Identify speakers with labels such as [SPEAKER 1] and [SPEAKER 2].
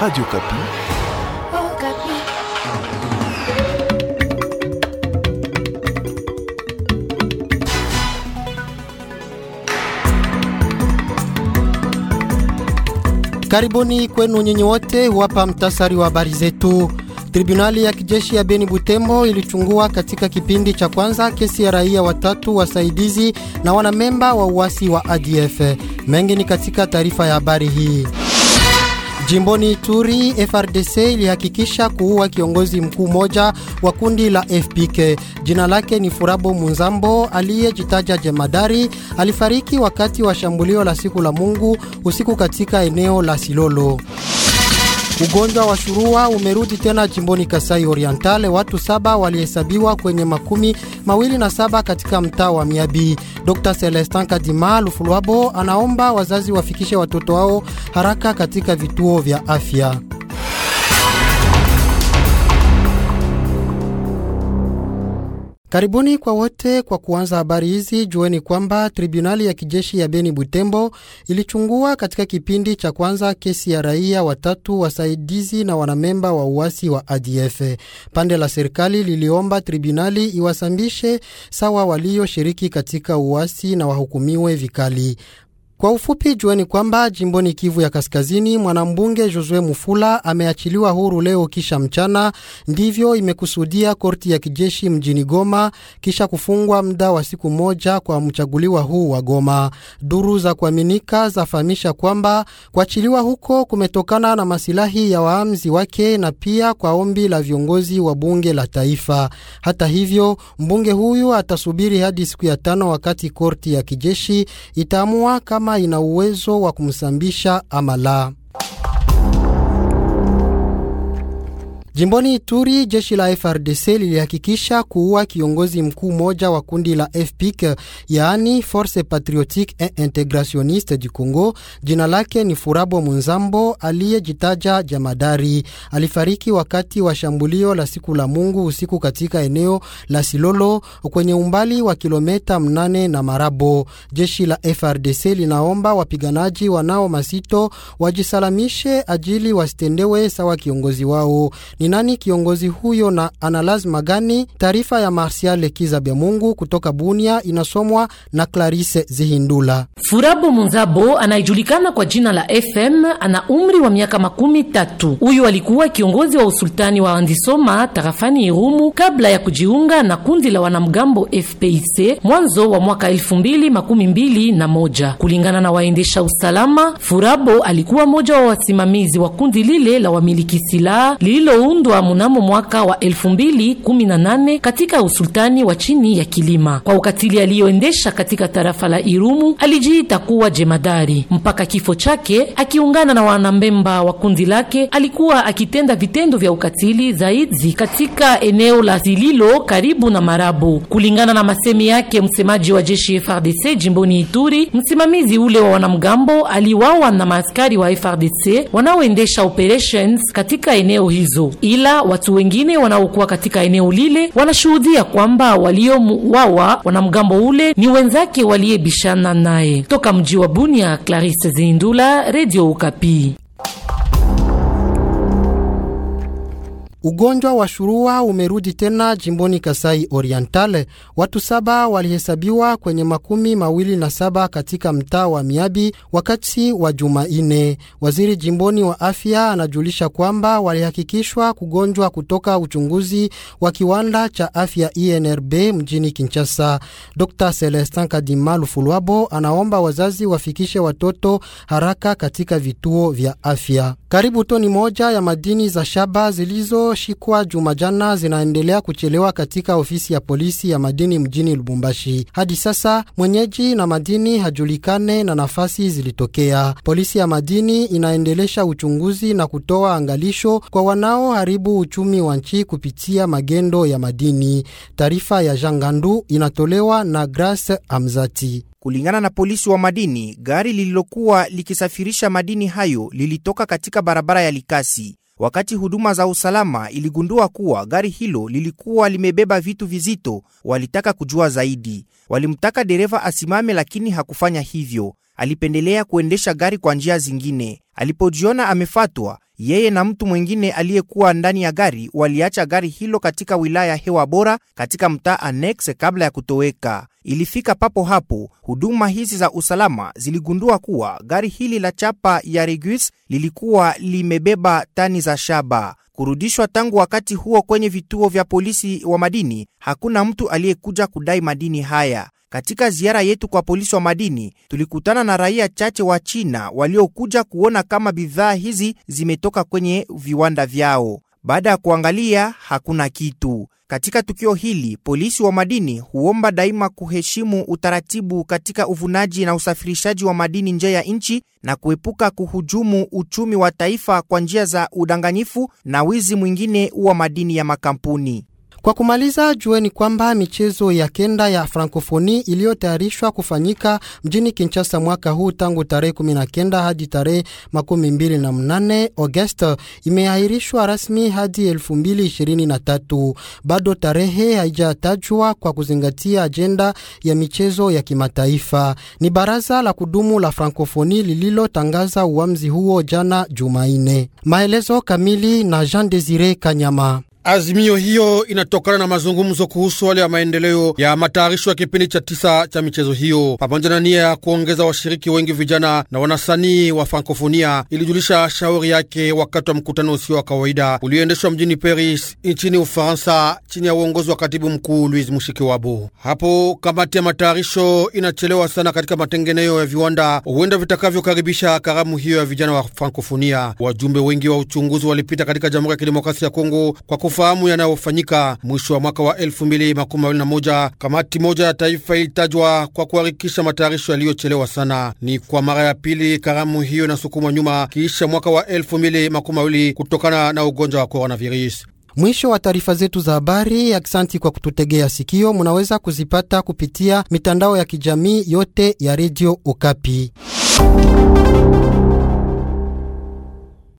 [SPEAKER 1] Radio Kapi.
[SPEAKER 2] Oh, Kapi.
[SPEAKER 3] Karibuni kwenu nyinyi wote, wapa mtasari wa habari zetu. Tribunali ya kijeshi ya Beni Butembo ilichungua katika kipindi cha kwanza kesi ya raia watatu wasaidizi na wanamemba wa uasi wa ADF. Mengi ni katika taarifa ya habari hii. Jimboni Ituri, FRDC ilihakikisha kuua kiongozi mkuu mmoja wa kundi la FPK. Jina lake ni Furabo Munzambo aliyejitaja jemadari, alifariki wakati wa shambulio la siku la Mungu usiku katika eneo la Silolo. Ugonjwa wa shurua umerudi tena jimboni Kasai Orientale. Watu saba walihesabiwa kwenye makumi mawili na saba katika mtaa wa Miabi. Dr Celestin Kadima Lufulwabo anaomba wazazi wafikishe watoto wao haraka katika vituo vya afya. Karibuni kwa wote. Kwa kuanza habari hizi, jueni kwamba tribunali ya kijeshi ya Beni Butembo ilichungua katika kipindi cha kwanza kesi ya raia watatu wasaidizi na wanamemba wa uasi wa ADF. Pande la serikali liliomba tribunali iwasambishe sawa walioshiriki katika uasi na wahukumiwe vikali. Kwa ufupi jueni kwamba jimboni Kivu ya Kaskazini, mwanambunge Josue Mufula ameachiliwa huru leo kisha mchana. Ndivyo imekusudia korti ya kijeshi mjini Goma kisha kufungwa muda wa siku moja kwa mchaguliwa huu wa Goma. Duru za kuaminika zafahamisha kwamba kuachiliwa huko kumetokana na masilahi ya waamzi wake na pia kwa ombi la viongozi wa bunge la taifa. Hata hivyo, mbunge huyu atasubiri hadi siku ya tano wakati korti ya kijeshi itaamua kama kama ina uwezo wa kumsambisha ama la. Jimboni Ituri, jeshi la FRDC lilihakikisha kuua kiongozi mkuu mmoja wa kundi la FPIC, yaani Force Patriotique et Integrationiste du Congo. Jina lake ni Furabo Munzambo aliyejitaja jamadari. Alifariki wakati wa shambulio la siku la Mungu usiku katika eneo la Silolo kwenye umbali wa kilometa mnane na Marabo. Jeshi la FRDC linaomba wapiganaji wanao masito wajisalamishe ajili wasitendewe sawa kiongozi wao. Nina nani kiongozi huyo na ana lazima gani? Taarifa ya Marsial Kiza Bya Mungu kutoka Bunia inasomwa na
[SPEAKER 2] Clarisse Zihindula. Furabo Munzabo anayejulikana kwa jina la FM ana umri wa miaka makumi tatu. Huyu alikuwa kiongozi wa usultani wa Andisoma tarafani Irumu kabla ya kujiunga na kundi la wanamgambo FPIC mwanzo wa mwaka elfu mbili makumi mbili na moja. Kulingana na waendesha usalama, Furabo alikuwa moja wa wasimamizi wa kundi lile la wamiliki silaha lililo iliundwa mnamo mwaka wa 2018 katika usultani wa chini ya Kilima. Kwa ukatili aliyoendesha katika tarafa la Irumu, alijiita kuwa jemadari mpaka kifo chake. Akiungana na wanambemba wa kundi lake, alikuwa akitenda vitendo vya ukatili zaidi katika eneo la Zililo karibu na Marabu, kulingana na masemi yake msemaji wa jeshi frdc jimboni Ituri. Msimamizi ule wa wanamgambo aliwawa na maaskari wa frdc wanaoendesha operations katika eneo hizo ila watu wengine wanaokuwa katika eneo lile wanashuhudia kwamba waliouawa wanamgambo ule ni wenzake waliyebishana naye. Toka mji wa Bunia, Clarisse Zindula, redio ukapi Ugonjwa wa shurua umerudi
[SPEAKER 3] tena jimboni Kasai Oriental. Watu saba walihesabiwa kwenye makumi mawili na saba katika mtaa wa Miabi wakati wa Jumaine. Waziri jimboni wa afya anajulisha kwamba walihakikishwa kugonjwa kutoka uchunguzi wa kiwanda cha afya INRB mjini Kinshasa. Dr Celestin Kadima Lufulwabo anaomba wazazi wafikishe watoto haraka katika vituo vya afya. Karibu toni moja ya madini za shaba zilizo walioshikwa Jumajana zinaendelea kuchelewa katika ofisi ya polisi ya madini mjini Lubumbashi. Hadi sasa mwenyeji na madini hajulikane na nafasi zilitokea. Polisi ya madini inaendelesha uchunguzi na kutoa angalisho kwa wanaoharibu uchumi wa nchi kupitia magendo ya madini. Taarifa ya Jangandu inatolewa na Grace Amzati.
[SPEAKER 1] Kulingana na polisi wa madini, gari lililokuwa likisafirisha madini hayo lilitoka katika barabara ya Likasi. Wakati huduma za usalama iligundua kuwa gari hilo lilikuwa limebeba vitu vizito, walitaka kujua zaidi. Walimtaka dereva asimame, lakini hakufanya hivyo. Alipendelea kuendesha gari kwa njia zingine. Alipojiona amefatwa, yeye na mtu mwingine aliyekuwa ndani ya gari waliacha gari hilo katika wilaya Hewa Bora katika mtaa Annex kabla ya kutoweka. Ilifika papo hapo, huduma hizi za usalama ziligundua kuwa gari hili la chapa ya Regus lilikuwa limebeba tani za shaba kurudishwa tangu wakati huo kwenye vituo vya polisi wa madini, hakuna mtu aliyekuja kudai madini haya. Katika ziara yetu kwa polisi wa madini, tulikutana na raia chache wa China waliokuja kuona kama bidhaa hizi zimetoka kwenye viwanda vyao. Baada ya kuangalia, hakuna kitu. Katika tukio hili, polisi wa madini huomba daima kuheshimu utaratibu katika uvunaji na usafirishaji wa madini nje ya nchi na kuepuka kuhujumu uchumi wa taifa kwa njia za udanganyifu na wizi mwingine wa madini ya makampuni.
[SPEAKER 3] Kwa kumaliza, jueni kwamba michezo ya kenda ya Frankofoni iliyotayarishwa kufanyika mjini Kinshasa mwaka huu tangu tarehe 19 hadi tarehe 28 Agosti imeahirishwa rasmi hadi tatu. Bado tarehe haijatajwa kwa kuzingatia ajenda ya michezo ya kimataifa. Ni baraza la kudumu la Frankofoni lililotangaza uamuzi huo jana Jumanne. Maelezo kamili na Jean Desire Kanyama.
[SPEAKER 4] Azimio hiyo inatokana na mazungumzo kuhusu hali ya maendeleo ya matayarisho ya kipindi cha tisa cha michezo hiyo, pamoja na nia ya kuongeza washiriki wengi vijana na wanasanii wa Frankofonia, ilijulisha shauri yake wakati wa mkutano usio wa kawaida ulioendeshwa mjini Paris nchini Ufaransa chini ya uongozi wa katibu mkuu Louis Mushikiwabo. Hapo kamati ya matayarisho inachelewa sana katika matengenezo ya viwanda huenda vitakavyokaribisha karamu hiyo ya vijana wa Frankofonia. Wajumbe wengi wa uchunguzi walipita katika Jamhuri ya Kidemokrasia ya Kongo kwa kufa kufahamu yanayofanyika. Mwisho wa mwaka wa 2021 kamati moja ya taifa ilitajwa kwa kuharikisha matayarisho yaliyochelewa sana. Ni kwa mara ya pili karamu hiyo inasukumwa nyuma kiisha mwaka wa 2020 kutokana na ugonjwa wa coronavirus.
[SPEAKER 3] Mwisho wa taarifa zetu za habari. Aksanti kwa kututegea sikio. Munaweza kuzipata kupitia mitandao ya kijamii yote ya Redio Okapi.